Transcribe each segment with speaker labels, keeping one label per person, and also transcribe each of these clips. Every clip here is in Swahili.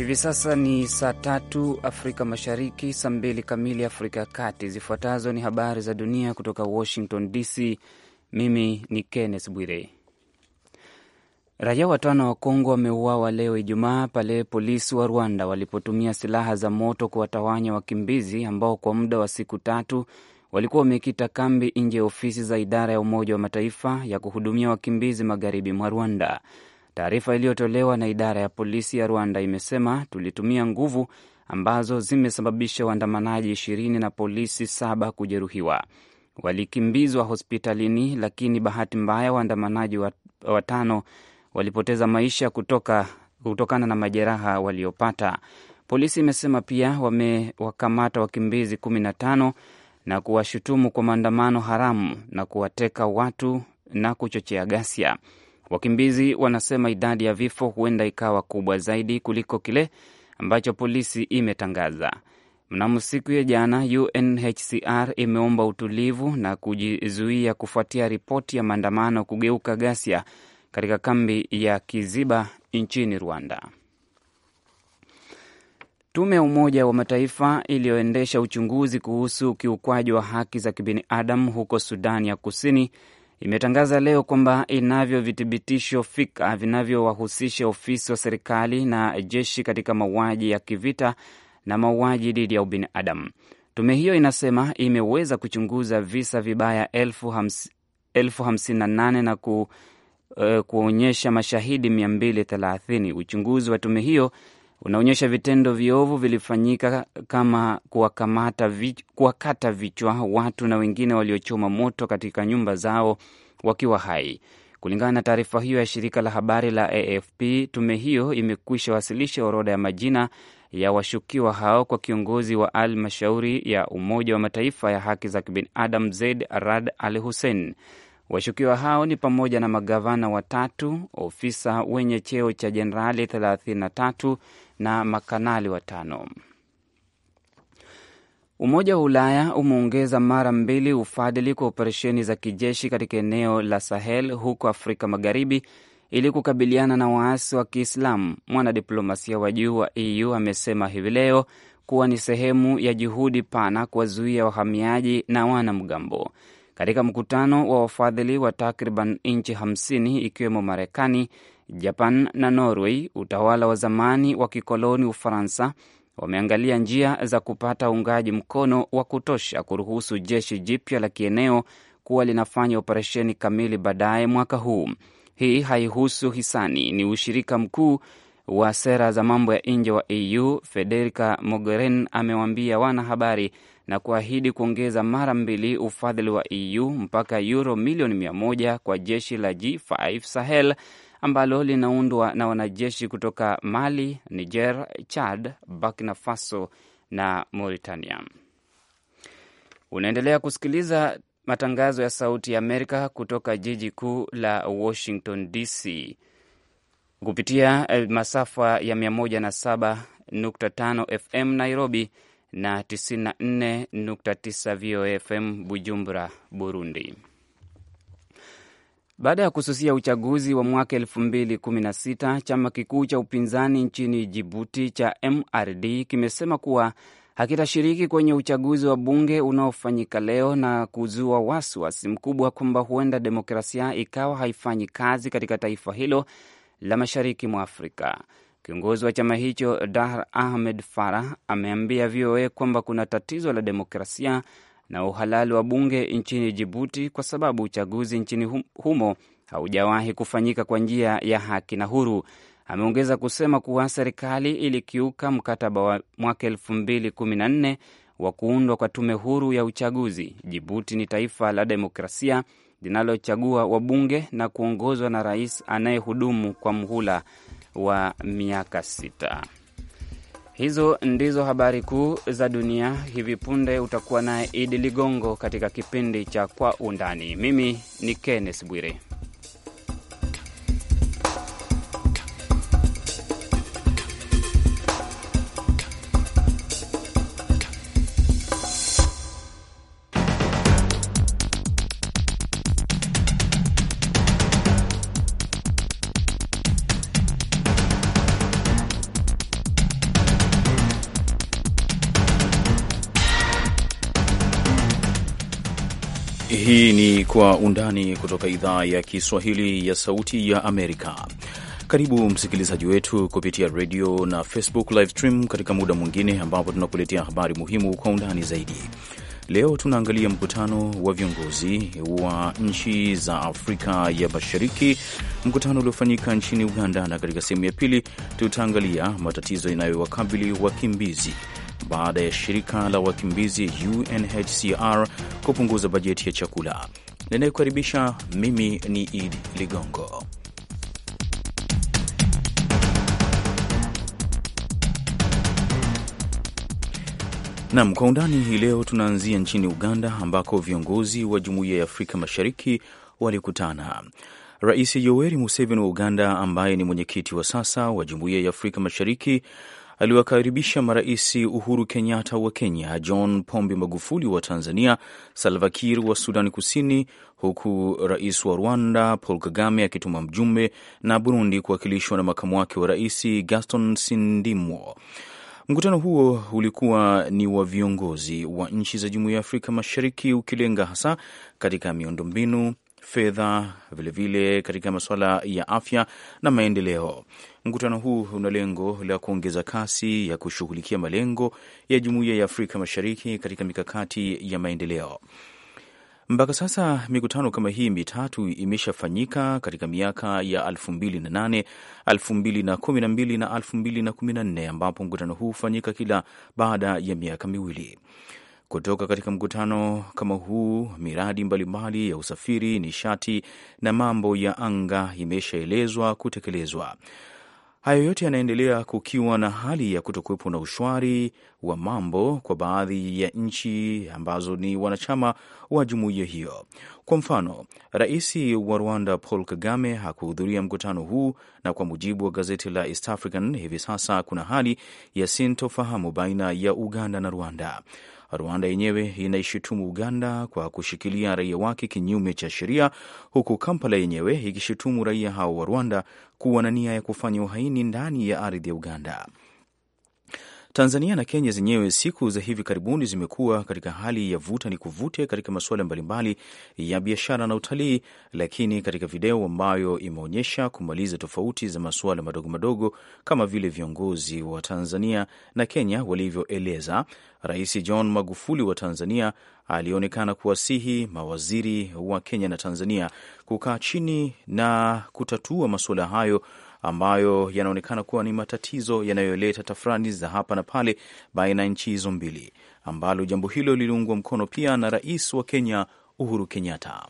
Speaker 1: Hivi sasa ni saa tatu Afrika Mashariki, saa mbili kamili Afrika ya Kati. Zifuatazo ni habari za dunia kutoka Washington DC. Mimi ni Kenneth Bwire. Raia watano wa Kongo wameuawa leo Ijumaa pale polisi wa Rwanda walipotumia silaha za moto kuwatawanya wakimbizi ambao kwa muda wa siku tatu walikuwa wamekita kambi nje ya ofisi za idara ya Umoja wa Mataifa ya kuhudumia wakimbizi magharibi mwa Rwanda. Taarifa iliyotolewa na idara ya polisi ya Rwanda imesema tulitumia nguvu ambazo zimesababisha waandamanaji ishirini na polisi saba kujeruhiwa. Walikimbizwa hospitalini, lakini bahati mbaya waandamanaji watano walipoteza maisha kutoka, kutokana na majeraha waliopata. Polisi imesema pia wamewakamata wakimbizi kumi na tano na kuwashutumu kwa maandamano haramu na kuwateka watu na kuchochea ghasia. Wakimbizi wanasema idadi ya vifo huenda ikawa kubwa zaidi kuliko kile ambacho polisi imetangaza. Mnamo siku ya jana, UNHCR imeomba utulivu na kujizuia kufuatia ripoti ya maandamano kugeuka ghasia katika kambi ya Kiziba nchini Rwanda. Tume ya Umoja wa Mataifa iliyoendesha uchunguzi kuhusu ukiukwaji wa haki za kibinadamu huko Sudani ya Kusini imetangaza leo kwamba inavyo vithibitisho fika vinavyowahusisha ofisi wa serikali na jeshi katika mauaji ya kivita na mauaji dhidi ya ubinadamu. Tume hiyo inasema imeweza kuchunguza visa vibaya elfu hamsini na nane na ku, uh, kuonyesha mashahidi 230. Uchunguzi wa tume hiyo unaonyesha vitendo viovu vilifanyika kama kuwakamata vich, kuwakata vichwa watu na wengine waliochoma moto katika nyumba zao wakiwa hai. Kulingana na taarifa hiyo ya shirika la habari la AFP, tume hiyo imekwisha wasilisha orodha ya majina ya washukiwa hao kwa kiongozi wa al mashauri ya Umoja wa Mataifa ya haki za kibinadamu Zaid Rad Al Hussein. Washukiwa hao ni pamoja na magavana watatu, ofisa wenye cheo cha jenerali 33 na makanali watano. Umoja wa Ulaya umeongeza mara mbili ufadhili kwa operesheni za kijeshi katika eneo la Sahel huko Afrika Magharibi ili kukabiliana na waasi wa Kiislamu. Mwanadiplomasia wa juu wa EU amesema hivi leo kuwa ni sehemu ya juhudi pana kuwazuia wahamiaji na wanamgambo katika mkutano wa wafadhili wa takriban nchi 50 ikiwemo Marekani, Japan na Norway. Utawala wa zamani wa kikoloni Ufaransa wameangalia njia za kupata uungaji mkono wa kutosha kuruhusu jeshi jipya la kieneo kuwa linafanya operesheni kamili baadaye mwaka huu. Hii haihusu hisani, ni ushirika mkuu wa sera za mambo ya nje wa EU. Federica Mogherini amewaambia wanahabari na kuahidi kuongeza mara mbili ufadhili wa EU mpaka euro milioni mia moja kwa jeshi la G5 Sahel ambalo linaundwa na wanajeshi kutoka Mali, Niger, Chad, Burkina Faso na Mauritania. Unaendelea kusikiliza matangazo ya Sauti ya Amerika kutoka jiji kuu la Washington DC kupitia masafa ya 107.5 FM Nairobi na 94.9 VOFM Bujumbura, Burundi. Baada ya kususia uchaguzi wa mwaka 2016 chama kikuu cha upinzani nchini Jibuti cha MRD kimesema kuwa hakitashiriki kwenye uchaguzi wa bunge unaofanyika leo na kuzua wasiwasi mkubwa kwamba huenda demokrasia ikawa haifanyi kazi katika taifa hilo la mashariki mwa Afrika. Kiongozi wa chama hicho Dar Ahmed Farah ameambia VOA kwamba kuna tatizo la demokrasia na uhalali wa bunge nchini Jibuti kwa sababu uchaguzi nchini humo haujawahi kufanyika kwa njia ya haki na huru. Ameongeza kusema kuwa serikali ilikiuka mkataba wa mwaka elfu mbili kumi na nne wa kuundwa kwa tume huru ya uchaguzi. Jibuti ni taifa la demokrasia linalochagua wabunge na kuongozwa na rais anayehudumu kwa mhula wa miaka sita. Hizo ndizo habari kuu za dunia. Hivi punde utakuwa naye Idi Ligongo katika kipindi cha Kwa Undani. Mimi ni Kenneth Bwire.
Speaker 2: kwa undani kutoka idhaa ya Kiswahili ya Sauti ya Amerika. Karibu msikilizaji wetu kupitia redio na Facebook live stream katika muda mwingine ambapo tunakuletea habari muhimu kwa undani zaidi. Leo tunaangalia mkutano wa viongozi wa nchi za Afrika ya Mashariki, mkutano uliofanyika nchini Uganda, na katika sehemu ya pili tutaangalia matatizo yanayowakabili wakimbizi baada ya shirika la wakimbizi UNHCR kupunguza bajeti ya chakula ninayekukaribisha mimi ni Idi Ligongo. Nam kwa undani hii leo, tunaanzia nchini Uganda ambako viongozi wa Jumuiya ya Afrika Mashariki walikutana. Rais Yoweri Museveni wa Uganda, ambaye ni mwenyekiti wa sasa wa Jumuiya ya Afrika Mashariki, aliwakaribisha marais Uhuru Kenyatta wa Kenya, John Pombe Magufuli wa Tanzania, Salva Kiir wa Sudani Kusini, huku rais wa Rwanda Paul Kagame akituma mjumbe, na Burundi kuwakilishwa na makamu wake wa rais Gaston Sindimwo. Mkutano huo ulikuwa ni wa viongozi wa nchi za Jumuiya ya Afrika Mashariki, ukilenga hasa katika miundombinu, fedha, vilevile katika masuala ya afya na maendeleo. Mkutano huu una lengo la kuongeza kasi ya kushughulikia malengo ya Jumuiya ya Afrika Mashariki katika mikakati ya maendeleo. Mpaka sasa mikutano kama hii mitatu imeshafanyika katika miaka ya 2008, 2012 na 2014, ambapo mkutano huu hufanyika kila baada ya miaka miwili. Kutoka katika mkutano kama huu, miradi mbalimbali ya usafiri, nishati na mambo ya anga imeshaelezwa kutekelezwa. Hayo yote yanaendelea kukiwa na hali ya kutokuwepo na ushwari wa mambo kwa baadhi ya nchi ambazo ni wanachama wa jumuiya hiyo. Kwa mfano, rais wa Rwanda Paul Kagame hakuhudhuria mkutano huu, na kwa mujibu wa gazeti la East African, hivi sasa kuna hali ya sintofahamu baina ya Uganda na Rwanda. Rwanda yenyewe inaishutumu Uganda kwa kushikilia raia wake kinyume cha sheria, huku Kampala yenyewe ikishutumu raia hao wa Rwanda kuwa na nia ya kufanya uhaini ndani ya ardhi ya Uganda. Tanzania na Kenya zenyewe siku za hivi karibuni zimekuwa katika hali ya vuta ni kuvute katika masuala mbalimbali ya biashara na utalii, lakini katika video ambayo imeonyesha kumaliza tofauti za masuala madogo madogo kama vile viongozi wa Tanzania na Kenya walivyoeleza, Rais John Magufuli wa Tanzania alionekana kuwasihi mawaziri wa Kenya na Tanzania kukaa chini na kutatua masuala hayo ambayo yanaonekana kuwa ni matatizo yanayoleta tafrani za hapa na pale baina ya nchi hizo mbili, ambalo jambo hilo liliungwa mkono pia na rais wa Kenya Uhuru Kenyatta.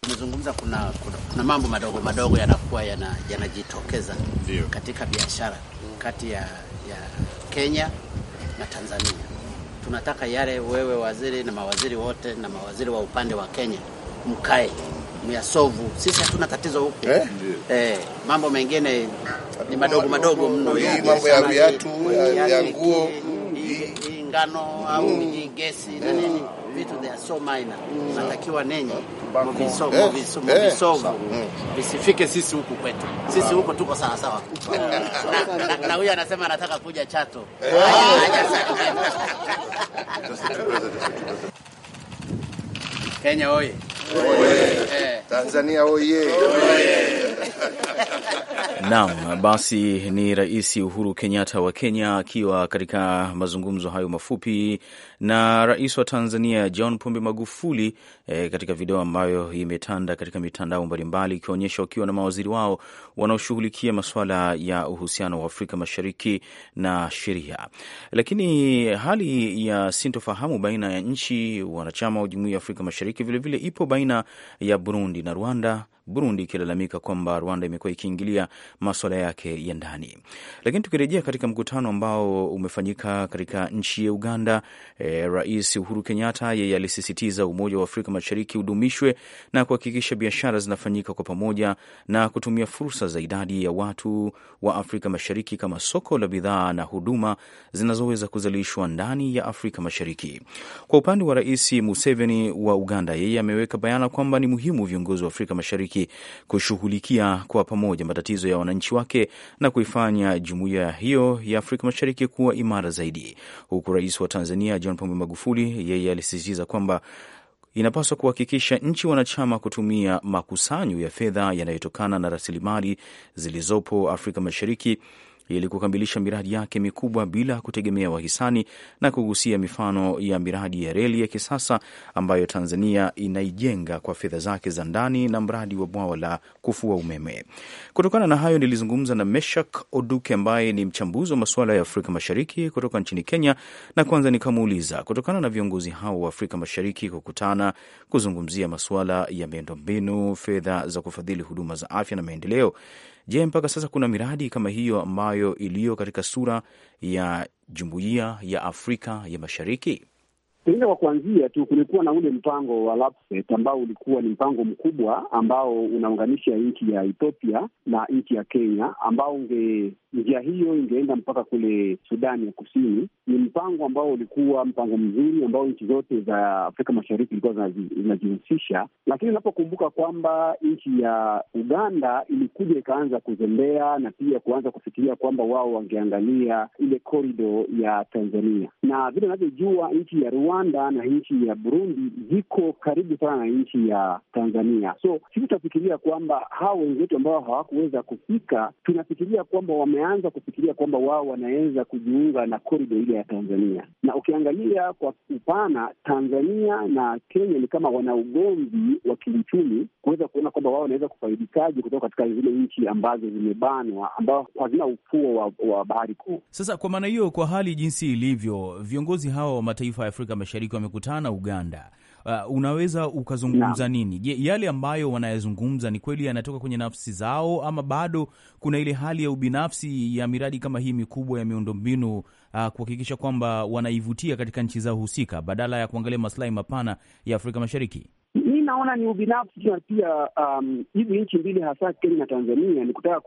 Speaker 3: Tumezungumza kuna, kuna, kuna mambo madogo madogo yanakuwa yanajitokeza yana katika biashara kati ya, ya Kenya na Tanzania. Tunataka yale wewe waziri na mawaziri wote na mawaziri wa upande wa Kenya mkae Myasovu, sisi hatuna tatizo huku eh? Eh, mambo mengine ni madogo madogo mno, mambo ya viatu ya nguo ngano au ni mm. gesi na nini mm. vitu they are so minor, mm. natakiwa nenye mvisovu visifike sisi huku kwetu. Sisi huko tuko sawa sawa, na huyu anasema anataka kuja Chato. Eh. Eh. Kenya oye! Oye. Tanzania oye. oye.
Speaker 2: Naam, basi ni Rais Uhuru Kenyatta wa Kenya akiwa katika mazungumzo hayo mafupi na Rais wa Tanzania John Pombe Magufuli e, katika video ambayo imetanda katika mitandao mbalimbali ikionyesha wakiwa na mawaziri wao wanaoshughulikia masuala ya uhusiano wa Afrika Mashariki na sheria. Lakini hali ya sintofahamu baina ya nchi wanachama wa Jumuiya ya Afrika Mashariki vilevile vile ipo baina ya Burundi na Rwanda Burundi ikilalamika kwamba Rwanda imekuwa ikiingilia maswala yake ya ndani. Lakini tukirejea katika mkutano ambao umefanyika katika nchi ya Uganda, e, Rais Uhuru Kenyatta yeye alisisitiza Umoja wa Afrika Mashariki udumishwe na kuhakikisha biashara zinafanyika kwa pamoja na kutumia fursa za idadi ya watu wa Afrika Mashariki kama soko la bidhaa na huduma zinazoweza kuzalishwa ndani ya Afrika Mashariki. Kwa upande wa Rais Museveni wa Uganda, yeye ameweka bayana kwamba ni muhimu viongozi wa Afrika Mashariki Mashariki kushughulikia kwa pamoja matatizo ya wananchi wake na kuifanya jumuiya hiyo ya Afrika Mashariki kuwa imara zaidi, huku Rais wa Tanzania John Pombe Magufuli yeye alisisitiza kwamba inapaswa kuhakikisha nchi wanachama kutumia makusanyo ya fedha yanayotokana na rasilimali zilizopo Afrika Mashariki ili kukamilisha miradi yake mikubwa bila kutegemea wahisani na kugusia mifano ya miradi ya reli ya kisasa ambayo Tanzania inaijenga kwa fedha zake za ndani na mradi wa bwawa la kufua umeme. Kutokana na hayo, nilizungumza na Meshak Oduke ambaye ni mchambuzi wa masuala ya Afrika Mashariki kutoka nchini Kenya, na kwanza nikamuuliza kutokana na viongozi hao wa Afrika Mashariki kukutana kuzungumzia masuala ya miundombinu, fedha za kufadhili huduma za afya na maendeleo Je, mpaka sasa kuna miradi kama hiyo ambayo iliyo katika sura ya jumuiya ya Afrika ya Mashariki?
Speaker 4: Pengine kwa kuanzia tu kulikuwa na ule mpango wa LAPSET ambao ulikuwa ni mpango mkubwa ambao unaunganisha nchi ya Ethiopia na nchi ya Kenya ambao unge Njia hiyo ingeenda mpaka kule Sudani ya Kusini. Ni mpango ambao ulikuwa mpango mzuri ambao nchi zote za Afrika Mashariki ilikuwa zinajihusisha, lakini unapokumbuka kwamba nchi ya Uganda ilikuja ikaanza kuzembea na pia kuanza kufikiria kwamba wao wangeangalia ile korido ya Tanzania, na vile unavyojua nchi ya Rwanda na nchi ya Burundi ziko karibu sana na nchi ya Tanzania, so sisi tunafikiria kwamba hao wenzetu ambao hawakuweza kufika, tunafikiria kwamba wame wameanza kufikiria kwamba wao wanaweza kujiunga na korido ile ya Tanzania. Na ukiangalia kwa upana, Tanzania na Kenya ni kama wana ugomvi wa kiuchumi, kuweza kuona kwamba wao wanaweza kufaidikaje kutoka katika zile nchi ambazo zimebanwa, ambao hazina ufuo wa, wa bahari kuu.
Speaker 2: Sasa kwa maana hiyo, kwa hali jinsi ilivyo, viongozi hawa wa mataifa ya Afrika Mashariki wamekutana Uganda uh, unaweza ukazungumza nini? Je, yale ambayo wanayazungumza ni kweli yanatoka kwenye nafsi zao ama bado kuna ile hali ya ubinafsi ya miradi kama hii mikubwa ya miundombinu uh, kuhakikisha kwamba wanaivutia katika nchi zao husika badala ya kuangalia maslahi mapana ya Afrika Mashariki?
Speaker 4: Mi naona ni ubinafsi na pia um, hizi um, nchi mbili hasa Kenya na Tanzania ni kutaka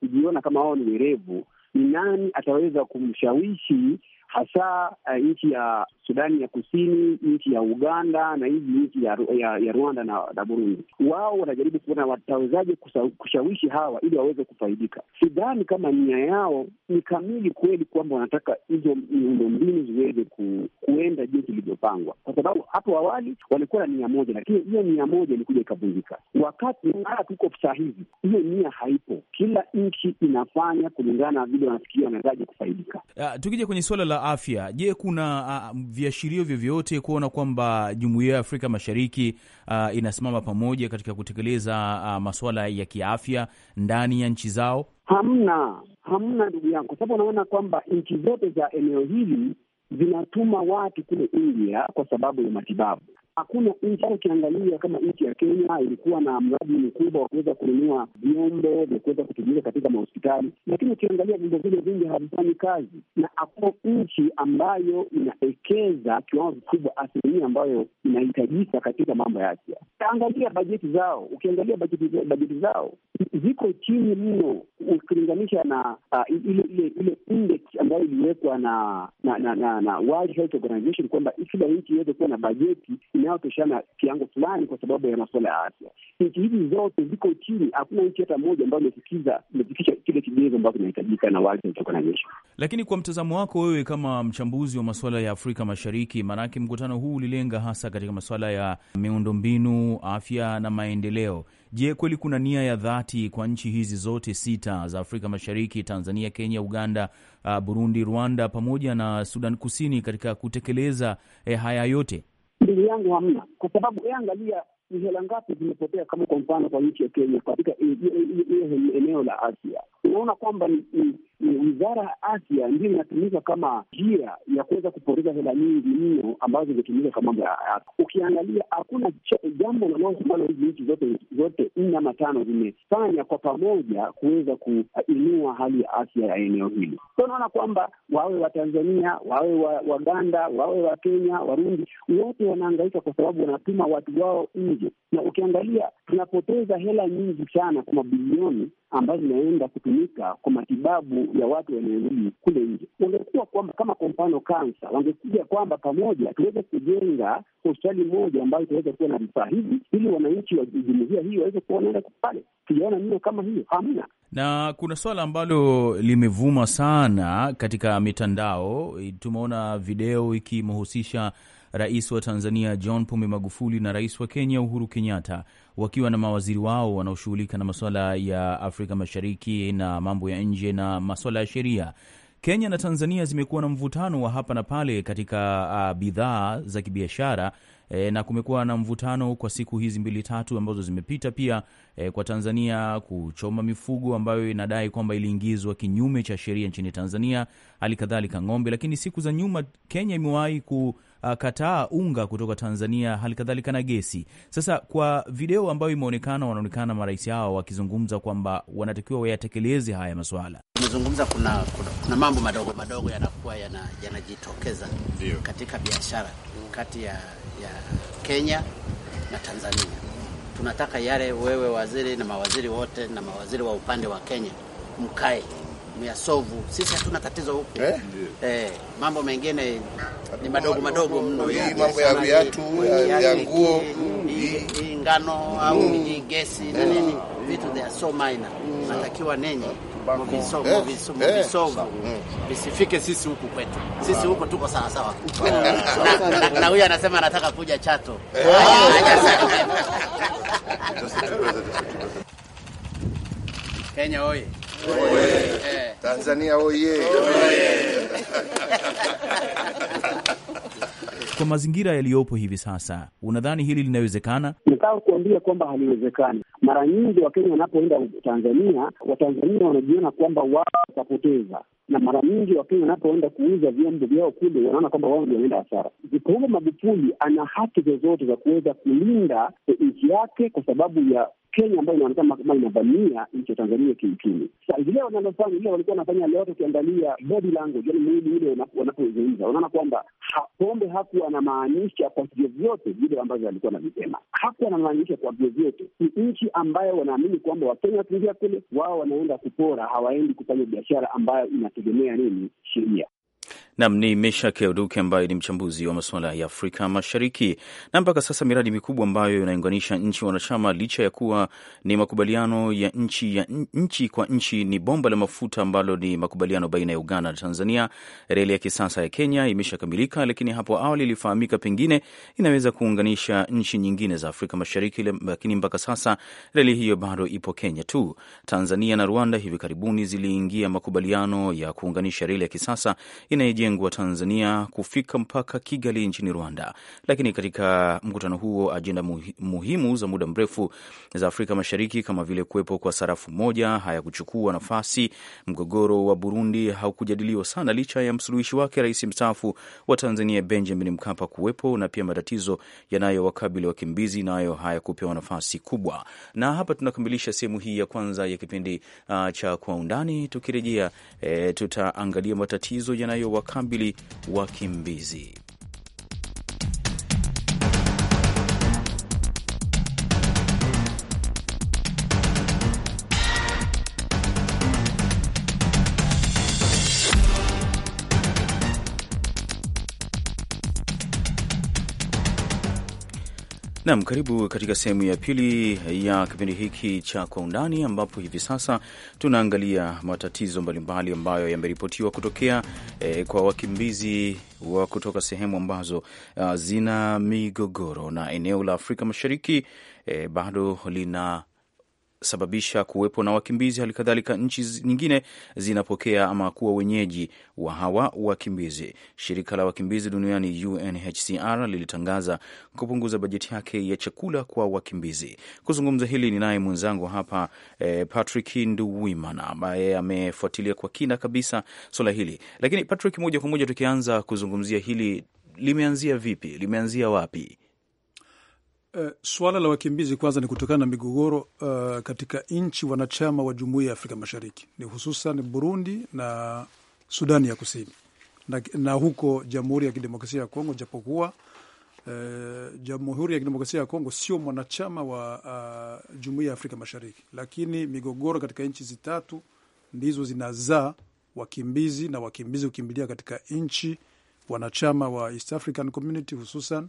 Speaker 4: kujiona kama wao ni werevu. Ni nani ataweza kumshawishi hasa uh, nchi ya Sudani ya Kusini, nchi ya Uganda na hizi nchi ya, ya, ya Rwanda na, na Burundi. Wao wanajaribu kuona watawezaje kushawishi hawa ili waweze kufaidika. Sidhani kama nia yao ni kamili kweli kwamba wanataka hizo miundombinu ziweze ku, kuenda jinsi ilivyopangwa, kwa sababu hapo awali walikuwa na nia moja, lakini hiyo nia moja ilikuja ikavunjika. Wakati mara tuko saa hizi, hiyo nia haipo. Kila nchi inafanya kulingana na vile wanafikiria wanawezaje kufaidika.
Speaker 2: Uh, tukija kwenye suala la afya, je, kuna uh, viashirio vyovyote kuona kwamba jumuiya ya Afrika Mashariki uh, inasimama pamoja katika kutekeleza uh, masuala ya kiafya ndani ya nchi zao?
Speaker 4: Hamna, hamna ndugu yangu, kwa sababu unaona kwamba nchi zote za eneo hili zinatuma watu kule India kwa sababu ya matibabu. Hakuna nchi ukiangalia kama nchi ya Kenya ilikuwa na mradi mkubwa wa kuweza kununua vyombo vya kuweza kutumika katika mahospitali, lakini ukiangalia vyombo vile vingi havifanyi kazi, na hakuna nchi ambayo inaekeza kiwango kikubwa, asilimia ambayo inahitajika katika mambo ya afya. Angalia bajeti zao, ukiangalia bajeti zao ziko chini mno ukilinganisha na uh, ile ile ile index ambayo iliwekwa na na na, na, na World Health Organization kwamba kila nchi iweze kuwa na bajeti ina yanayotoshana kiwango fulani kwa sababu ya masuala ya afya. Nchi hizi zote ziko chini, hakuna nchi hata moja ambayo imefikiza imefikisha kile kigezo ambacho kinahitajika na wale kutoka na jeshi.
Speaker 2: Lakini kwa mtazamo wako wewe, kama mchambuzi wa masuala ya Afrika Mashariki, maanake mkutano huu ulilenga hasa katika masuala ya miundombinu, afya na maendeleo. Je, kweli kuna nia ya dhati kwa nchi hizi zote sita za Afrika Mashariki, Tanzania, Kenya, Uganda, uh, Burundi, Rwanda pamoja na Sudan Kusini katika kutekeleza eh, haya yote?
Speaker 4: ndugu yangu, hamna, kwa sababu angalia ni hela ngapi zimepotea, kama kwa mfano kwa nchi ya Kenya katika eneo la Asia unaona kwamba ni wizara ya afya ndiyo inatumika kama njia ya kuweza kupoteza hela nyingi mno ambazo zimetumika kwa mambo ya afya. Ukiangalia hakuna jambo lolote ambalo hizi nchi zote zote nne ama tano zimefanya kwa pamoja kuweza kuinua hali ya afya ya eneo hili. So unaona kwamba wawe wa tanzania wawe Waganda, wawe wa kenya Warundi, wote wanaangaika kwa sababu wanatuma watu wao nje, na ukiangalia tunapoteza hela nyingi sana kwa mabilioni ambazo zinaenda kutu kutumika kwa matibabu ya watu wanaoishi kule nje. Wangekuwa kwamba kama kwa mfano kansa, wangekuja kwamba pamoja tuweze kujenga hospitali moja ambayo itaweza kuwa na vifaa hivi, ili wananchi wa jumuiya hii waweze kuwa wanaenda pale. Tujaona nio kama hiyo hamna.
Speaker 2: Na kuna swala ambalo limevuma sana katika mitandao, tumeona video ikimhusisha Rais wa Tanzania John Pombe Magufuli na rais wa Kenya Uhuru Kenyatta wakiwa na mawaziri wao wanaoshughulika na masuala ya Afrika Mashariki na mambo ya nje na masuala ya sheria. Kenya na Tanzania zimekuwa na mvutano wa hapa na pale katika uh, bidhaa za kibiashara e, na kumekuwa na mvutano kwa siku hizi mbili tatu ambazo zimepita pia e, kwa Tanzania kuchoma mifugo ambayo inadai kwamba iliingizwa kinyume cha sheria nchini Tanzania, hali kadhalika ng'ombe. Lakini siku za nyuma Kenya imewahi ku uh, kataa unga kutoka Tanzania, hali kadhalika na gesi. Sasa kwa video ambayo imeonekana, wanaonekana marais hawa wakizungumza kwamba wanatakiwa wayatekeleze haya maswala
Speaker 3: umezungumza kuna, kuna, kuna mambo madogo madogo yanakuwa yanajitokeza yana katika biashara kati ya, ya Kenya na Tanzania. Tunataka yale, wewe waziri na mawaziri wote na mawaziri wa upande wa Kenya mkae Miasovu. Sisi hatuna tatizo huku eh? Eh, mambo mengine ni madogo madogo mno, mambo ya viatu ya nguo, hii ngano au hii gesi na nini, vitu they are so minor. Natakiwa nenye visovu visifike sisi huku kwetu, sisi huko tuko sawa sawa. Na huyu anasema anataka kuja Chato. Kenya oye! Oye. Tanzania oye, oye.
Speaker 2: katika mazingira yaliyopo hivi sasa, unadhani hili linawezekana?
Speaker 4: Nataka kuambia kwamba haliwezekani. Mara nyingi Wakenya wanapoenda Tanzania, Watanzania wanajiona kwamba wao watapoteza na mara nyingi Wakenya wanapoenda kuuza vyombo vyao kule wanaona kwamba wao ndio wanaenda hasara. Vipohuva Magufuli ana haki zozote za kuweza kulinda nchi yake kwa sababu ya Kenya ambayo inaonekana kama inavamia nchi ya Tanzania kiuchumi. Ile wanalofanya ile walikuwa wanafanya leo, tukiangalia body language, yani mwili ule wanapozungumza, wanaona kwamba Pombe hakuwa anamaanisha kwa vyovyote vile ambavyo alikuwa anavisema. Hapo anamaanisha kwa vyovyote, ni nchi ambayo wanaamini kwamba Wakenya wakiingia kule, wao wanaenda kupora, hawaendi kufanya biashara ambayo inategemea nini, sheria
Speaker 2: nam ni Meshak Keoduke ambaye ni mchambuzi wa masuala ya Afrika Mashariki. Na mpaka sasa miradi mikubwa ambayo inaunganisha nchi wanachama, licha ya kuwa ni makubaliano ya nchi ya nchi kwa nchi, ni bomba la mafuta ambalo ni makubaliano baina ya Uganda na Tanzania. Reli ya kisasa ya Kenya imeshakamilika, lakini hapo awali ilifahamika pengine inaweza kuunganisha nchi nyingine za Afrika Mashariki, lakini mpaka sasa reli hiyo bado ipo Kenya tu. Tanzania na Rwanda hivi karibuni ziliingia makubaliano ya kuunganisha reli ya kisasa inayejenga wa Tanzania kufika mpaka Kigali nchini Rwanda. Lakini katika mkutano huo ajenda muhimu za muda mrefu za Afrika Mashariki kama vile kuwepo kwa sarafu moja hayakuchukua nafasi. Mgogoro wa Burundi haukujadiliwa sana licha ya msuluhishi wake rais mstaafu wa Tanzania Benjamin Mkapa kuwepo, na pia matatizo yanayowakabili wakimbizi nayo hayakupewa nafasi kubwa. Na hapa tunakamilisha sehemu hii ya kwanza ya kipindi uh, cha Kwa Undani. Tukirejea eh, tutaangalia matatizo yanayowa kukabili wakimbizi. Nam, karibu katika sehemu ya pili ya kipindi hiki cha Kwa Undani, ambapo hivi sasa tunaangalia matatizo mbalimbali ambayo yameripotiwa kutokea eh, kwa wakimbizi wa kutoka sehemu ambazo uh, zina migogoro na eneo la Afrika Mashariki eh, bado lina sababisha kuwepo na wakimbizi. Hali kadhalika nchi nyingine zinapokea ama kuwa wenyeji wa hawa wakimbizi. Shirika la wakimbizi duniani UNHCR lilitangaza kupunguza bajeti yake ya chakula kwa wakimbizi. Kuzungumza hili ni naye mwenzangu hapa eh, Patrick Nduwimana ambaye amefuatilia kwa kina kabisa swala hili. Lakini Patrick, moja kwa moja tukianza kuzungumzia hili, limeanzia vipi? Limeanzia wapi?
Speaker 5: Eh, suala la wakimbizi kwanza ni kutokana na migogoro uh, katika nchi wanachama wa Jumuiya ya Afrika Mashariki ni hususan Burundi na Sudani ya Kusini na, na huko Jamhuri ya Kidemokrasia ya Kongo, japokuwa uh, Jamhuri ya Kidemokrasia ya Kongo sio mwanachama wa uh, Jumuiya ya Afrika Mashariki, lakini migogoro katika nchi zitatu ndizo zinazaa wakimbizi na wakimbizi hukimbilia katika nchi wanachama wa East African Community hususan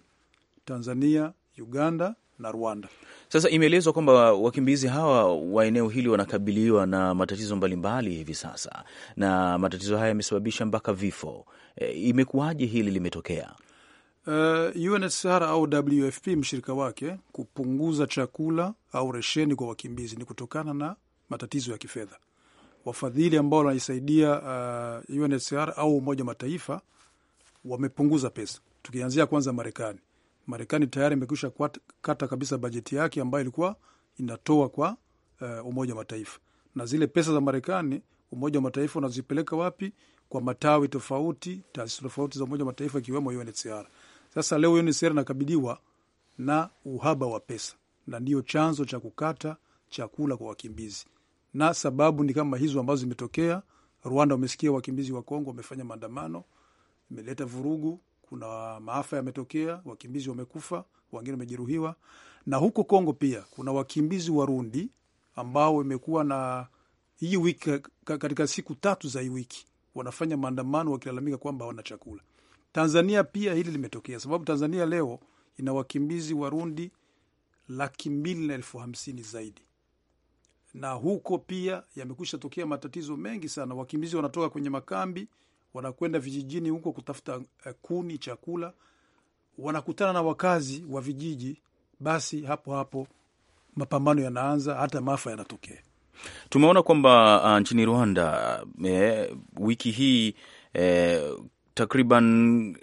Speaker 5: Tanzania Uganda na Rwanda.
Speaker 2: Sasa imeelezwa kwamba wakimbizi hawa wa eneo hili wanakabiliwa na matatizo mbalimbali hivi sasa, na matatizo haya yamesababisha mpaka vifo. E, imekuwaje hili limetokea?
Speaker 5: E, uh, UNHCR au WFP mshirika wake kupunguza chakula au resheni kwa wakimbizi ni kutokana na matatizo ya kifedha. Wafadhili ambao wanaisaidia e, uh, UNHCR au Umoja wa Mataifa wamepunguza pesa, tukianzia kwanza Marekani Marekani tayari imekwisha kata kabisa bajeti yake ambayo ilikuwa inatoa kwa uh, Umoja wa Mataifa, na zile pesa za Marekani Umoja wa Mataifa unazipeleka wapi? Kwa matawi tofauti, taasisi tofauti za Umoja wa Mataifa ikiwemo UNHCR. Sasa leo UNHCR inakabiliwa na uhaba wa pesa, na ndiyo chanzo cha kukata chakula kwa wakimbizi, na sababu ni kama hizo ambazo zimetokea Rwanda. Wamesikia wakimbizi wa Kongo wamefanya maandamano, imeleta vurugu kuna maafa yametokea, wakimbizi wamekufa, wengine wamejeruhiwa. Na huko Kongo pia kuna wakimbizi Warundi ambao wamekuwa na hii wiki, katika siku tatu za hii wiki wanafanya maandamano wakilalamika kwamba hawana chakula. Tanzania pia hili limetokea, sababu Tanzania leo ina wakimbizi Warundi laki mbili na elfu hamsini zaidi na huko pia yamekwisha tokea matatizo mengi sana. Wakimbizi wanatoka kwenye makambi wanakwenda vijijini huko kutafuta eh, kuni, chakula, wanakutana na wakazi wa vijiji, basi hapo hapo mapambano yanaanza, hata maafa yanatokea.
Speaker 2: Tumeona kwamba uh, nchini Rwanda eh, wiki hii eh, takriban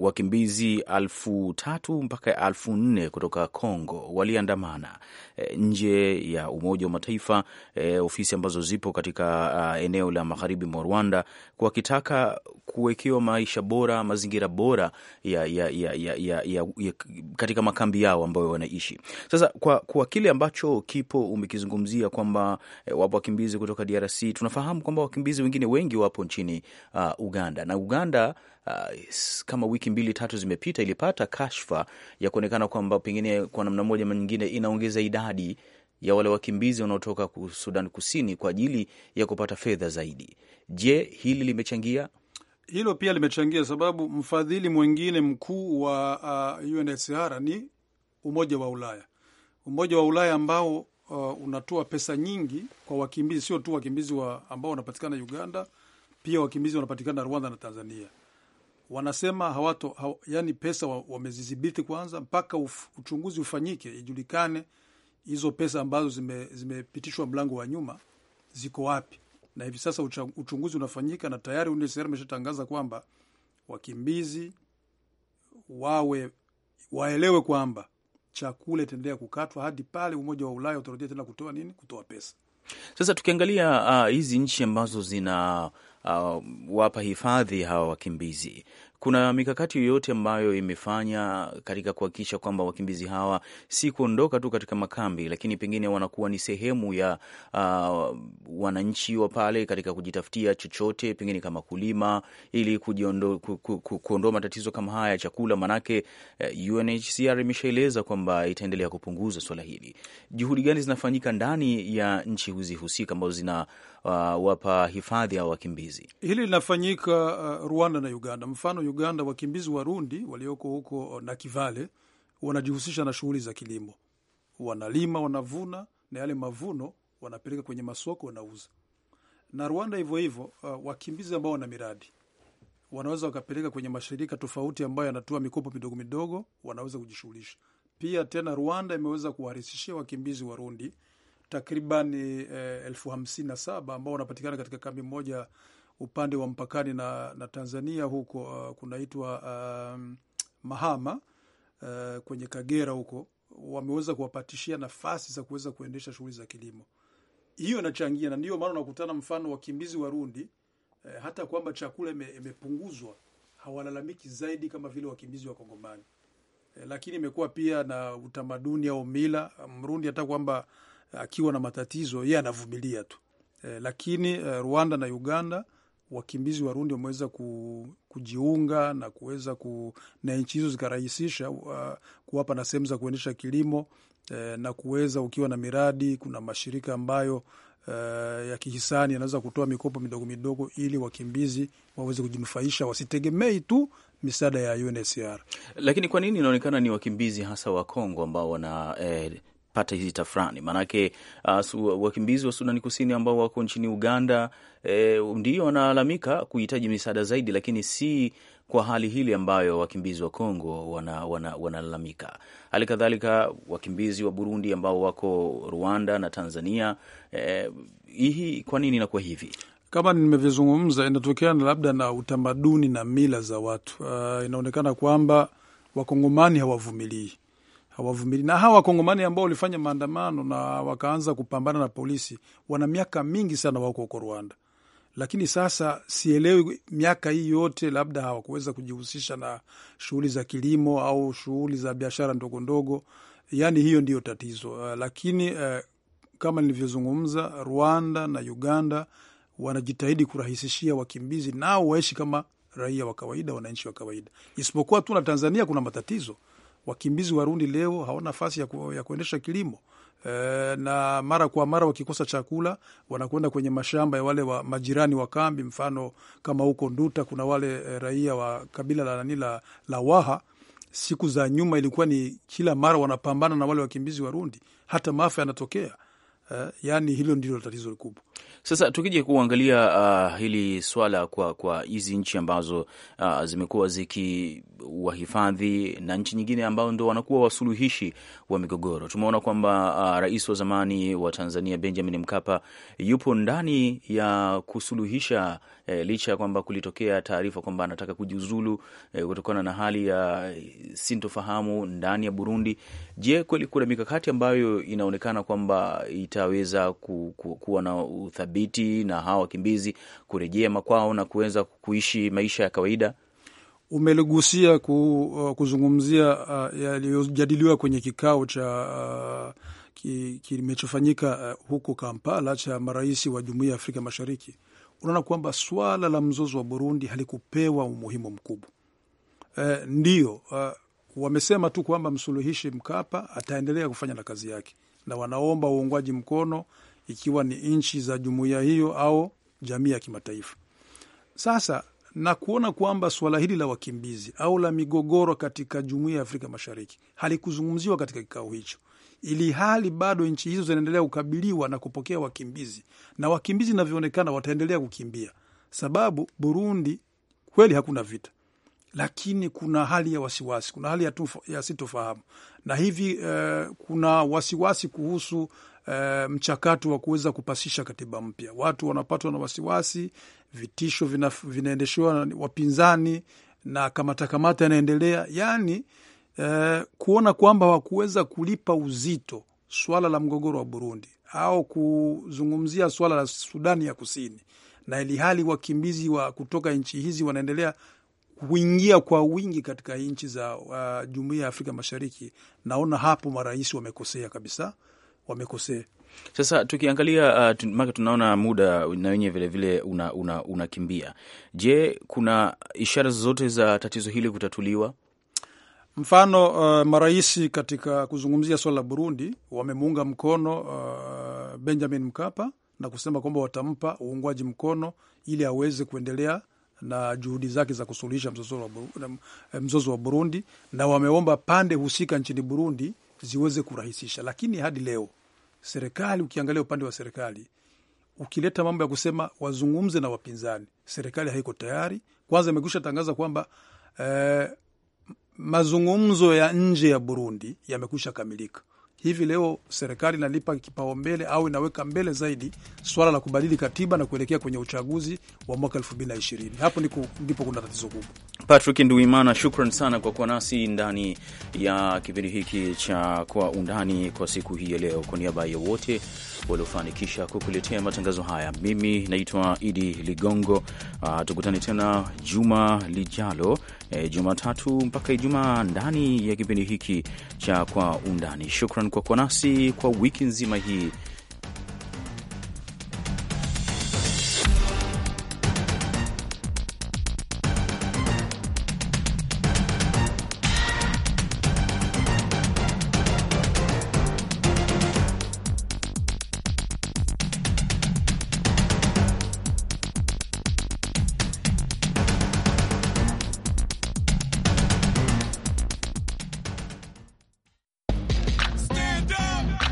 Speaker 2: wakimbizi alfu tatu mpaka alfu nne kutoka Congo waliandamana eh, nje ya Umoja wa Mataifa eh, ofisi ambazo zipo katika ah, eneo la magharibi mwa Rwanda wakitaka kuwekewa maisha bora, mazingira bora ya, ya, ya, ya, ya, ya, ya, katika makambi yao ambayo wanaishi sasa. Kwa, kwa kile ambacho kipo umekizungumzia kwamba eh, wapo wakimbizi kutoka DRC. Tunafahamu kwamba wakimbizi wengine wengi wapo nchini uh, Uganda na Uganda uh, kama wiki mbili tatu zimepita, ilipata kashfa ya kuonekana kwamba pengine kwa namna moja ama nyingine inaongeza idadi ya wale wakimbizi wanaotoka Sudan Kusini kwa ajili ya kupata fedha zaidi. Je, hili limechangia?
Speaker 5: Hilo pia limechangia, sababu mfadhili mwingine mkuu wa uh, UNHCR ni Umoja wa Ulaya, Umoja wa Ulaya ambao uh, unatoa pesa nyingi kwa wakimbizi, sio tu wakimbizi wa ambao wanapatikana Uganda, pia wakimbizi wanapatikana Rwanda na Tanzania wanasema hawato haw, yani pesa wamezidhibiti kwanza mpaka uf, uchunguzi ufanyike, ijulikane hizo pesa ambazo zimepitishwa zime mlango wa nyuma ziko wapi, na hivi sasa uchunguzi unafanyika, na tayari UNHCR imeshatangaza kwamba wakimbizi wawe waelewe kwamba chakula itaendelea kukatwa hadi pale Umoja wa Ulaya utarudia tena kutoa nini, kutoa pesa.
Speaker 2: Sasa tukiangalia ah, hizi uh, nchi ambazo zina uh, wapa hifadhi hawa wakimbizi kuna mikakati yoyote ambayo imefanya katika kuhakikisha kwamba wakimbizi hawa si kuondoka tu katika makambi, lakini pengine wanakuwa ni sehemu ya uh, wananchi wa pale katika kujitafutia chochote, pengine kama kulima, ili kuondoa matatizo kama haya ya chakula. Maanake uh, eh, UNHCR imeshaeleza kwamba itaendelea kupunguza swala hili. Juhudi gani zinafanyika ndani ya nchi huzi husika ambazo zina uh, wapa
Speaker 5: hifadhi ya wakimbizi? Hili linafanyika uh, Rwanda na Uganda mfano Uganda, wakimbizi Warundi walioko huko na Kivale wanajihusisha na shughuli za kilimo, wanalima, wanavuna na yale mavuno wanapeleka kwenye masoko, wanauza. Na Rwanda hivyo hivyo, uh, wakimbizi ambao wana miradi wanaweza wakapeleka kwenye mashirika tofauti ambayo yanatoa mikopo midogo midogo, wanaweza kujishughulisha pia. Tena Rwanda imeweza kuwaharisishia wakimbizi Warundi takribani eh, elfu hamsini na saba ambao wanapatikana katika kambi moja upande wa mpakani na, na Tanzania huko uh, kunaitwa uh, Mahama uh, kwenye Kagera huko wameweza kuwapatishia nafasi za kuweza kuendesha shughuli za kilimo. Hiyo inachangia na ndio maana unakutana mfano wakimbizi Warundi eh, hata kwamba chakula imepunguzwa hawalalamiki zaidi kama vile wakimbizi wa Kongomani eh, lakini imekuwa pia na utamaduni au mila Mrundi hata kwamba akiwa na matatizo yeye anavumilia tu eh, lakini eh, Rwanda na Uganda wakimbizi Warundi wameweza kujiunga na kuweza ku, na nchi hizo zikarahisisha uh, kuwapa na sehemu za kuendesha kilimo eh, na kuweza ukiwa na miradi, kuna mashirika ambayo Uh, ya kihisani yanaweza kutoa mikopo midogo midogo ili wakimbizi waweze kujinufaisha, wasitegemei tu misaada ya UNHCR.
Speaker 2: Lakini kwa nini inaonekana ni wakimbizi hasa wa Kongo ambao wana eh, pata hizi tafrani maanake, uh, ah, wakimbizi wa Sudani Kusini ambao wako nchini Uganda e, ndio wanalalamika kuhitaji misaada zaidi, lakini si kwa hali hili ambayo wakimbizi wa Kongo wanalalamika wana, wana hali kadhalika wakimbizi wa Burundi ambao wako Rwanda na Tanzania e, eh, hii kwa nini inakuwa hivi?
Speaker 5: Kama nimevyozungumza, inatokana labda na utamaduni na mila za watu. Uh, inaonekana kwamba wakongomani hawavumilii hawavumili. Na hawa wakongomani ambao walifanya maandamano na wakaanza kupambana na polisi, wana miaka mingi sana wako huko Rwanda, lakini sasa sielewi miaka hii yote labda hawakuweza kujihusisha na shughuli za kilimo au shughuli za biashara ndogo ndogo. Yani hiyo ndiyo tatizo. Uh, lakini uh, kama nilivyozungumza, Rwanda na Uganda wanajitahidi kurahisishia wakimbizi nao waishi kama raia wa kawaida, wananchi wa kawaida, isipokuwa tu na Tanzania kuna matatizo Wakimbizi Warundi leo hawana nafasi ya, ku, ya kuendesha kilimo e, na mara kwa mara wakikosa chakula wanakwenda kwenye mashamba ya wale wa majirani wa kambi. Mfano kama huko Nduta kuna wale e, raia wa kabila la nani la, la Waha. Siku za nyuma ilikuwa ni kila mara wanapambana na wale wakimbizi Warundi, hata maafa yanatokea. Uh, yani hilo ndilo tatizo kubwa.
Speaker 2: Sasa tukija kuangalia uh, hili swala kwa kwa hizi nchi ambazo uh, zimekuwa zikiwahifadhi na nchi nyingine ambao ndo wanakuwa wasuluhishi wa migogoro, tumeona kwamba uh, rais wa zamani wa Tanzania Benjamin Mkapa yupo ndani ya kusuluhisha e, licha ya kwamba kulitokea taarifa kwamba anataka kujiuzulu e, kutokana na hali ya eh, sintofahamu ndani ya Burundi. Je, kweli kuna mikakati ambayo inaonekana kwamba itaweza ku, ku, kuwa na uthabiti na hawa wakimbizi kurejea makwao na kuweza kuishi maisha ya kawaida?
Speaker 5: Umeligusia ku, uh, kuzungumzia uh, yaliyojadiliwa kwenye kikao cha uh, kimechofanyika ki uh, huko Kampala cha marais wa Jumuiya ya Afrika Mashariki unaona kwamba swala la mzozo wa Burundi halikupewa umuhimu mkubwa. E, ndio e, wamesema tu kwamba msuluhishi Mkapa ataendelea kufanya na kazi yake, na wanaomba uungwaji mkono ikiwa ni nchi za jumuiya hiyo au jamii ya kimataifa. Sasa na kuona kwamba suala hili la wakimbizi au la migogoro katika jumuiya ya Afrika Mashariki halikuzungumziwa katika kikao hicho, ili hali bado nchi hizo zinaendelea kukabiliwa na kupokea wakimbizi, na wakimbizi inavyoonekana wataendelea kukimbia, sababu Burundi kweli hakuna vita, lakini kuna hali ya wasiwasi, kuna hali ya, ya sitofahamu na hivi eh, kuna wasiwasi kuhusu eh, mchakato wa kuweza kupasisha katiba mpya. Watu wanapatwa na wasiwasi, vitisho vina, vinaendeshewa wapinzani na kamatakamata yanaendelea yani Eh, kuona kwamba hawakuweza kulipa uzito swala la mgogoro wa Burundi au kuzungumzia swala la Sudani ya Kusini, na ilihali wakimbizi wa kutoka nchi hizi wanaendelea kuingia kwa wingi katika nchi za uh, jumuiya ya Afrika Mashariki. Naona hapo marais wamekosea kabisa, wamekosea.
Speaker 2: Sasa tukiangalia uh, maka tunaona muda na wenyewe vilevile unakimbia una, una. Je, kuna ishara zozote za tatizo hili kutatuliwa?
Speaker 5: Mfano uh, marais katika kuzungumzia swala la Burundi wamemuunga mkono uh, Benjamin Mkapa na kusema kwamba watampa uungwaji mkono ili aweze kuendelea na juhudi zake za kusuluhisha eh, mzozo wa Burundi, na wameomba pande husika nchini Burundi ziweze kurahisisha. Lakini hadi leo serikali, ukiangalia upande wa serikali, ukileta mambo ya kusema wazungumze na wapinzani, serikali haiko tayari. Kwanza imekwisha tangaza kwamba eh, mazungumzo ya nje ya Burundi yamekwisha kamilika. Hivi leo serikali inalipa kipaumbele au inaweka mbele zaidi swala la kubadili katiba na kuelekea kwenye uchaguzi wa mwaka elfu mbili na ishirini. Hapo ndipo kuna tatizo kubwa.
Speaker 2: Patrick Nduimana, shukran sana kwa kuwa nasi ndani ya kipindi hiki cha Kwa Undani kwa siku hii ya leo. Kwa niaba ya wote waliofanikisha kukuletea matangazo haya, mimi naitwa Idi Ligongo. Uh, tukutane tena juma lijalo, juma eh, Jumatatu mpaka Ijumaa ndani ya kipindi hiki cha Kwa Undani. Shukran kwa kuwa nasi kwa wiki nzima hii.